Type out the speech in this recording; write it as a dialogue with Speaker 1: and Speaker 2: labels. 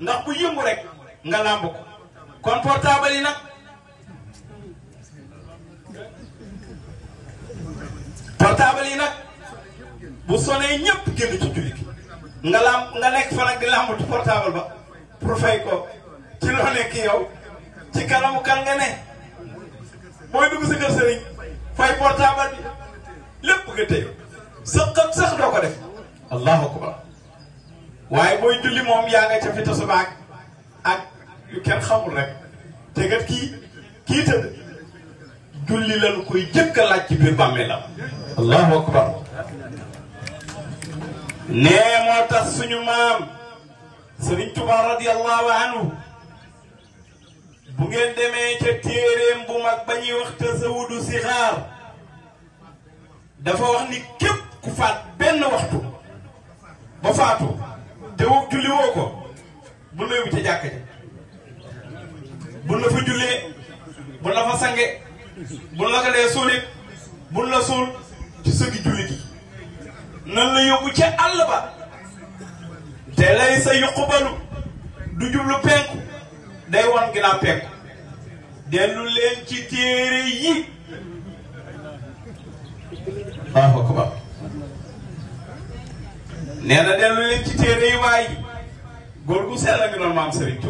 Speaker 1: ndax bu yëngu rek nga làmb ko kon portable yi nag portable yi nag bu sonee ñëpp génn ci julli nga làmb nga nekk fa nag di làmbatu portable ba pour fay ko ci loo nekk yow ci kanamu kan nga ne mooy dugg sa kër sëriñ fay portable bi lépp nga téye sax sax doo ko def allahu akbar waaye booy julli moom yaa nga ca fi tasabaak ak kenn xamul rek te kat kii kii tëdd julli lañu koy jëkk a laaj ci biir allahu akbar nee moo tax suñu maam sëriñ Tuubaa radiyallahu anhu bu ngeen demee ca téeréem bu mag ba ñuy wax tasawudu sixaar dafa wax ni képp ku faat benn waxtu ba faatu julli woo ko bu la yóbbu ca jàkk ja bu la fa jullee bu la fa sange bu la ko dee suulit bu la suul ci sëgi julli gi nan yóbbu ca àll ba te lay sa yuqbalu du jublu penku day wan ginnaaw penku dellu leen ci téere yi waaw ko ba nee na dellu leen ci téere yi góor gu sell a ngi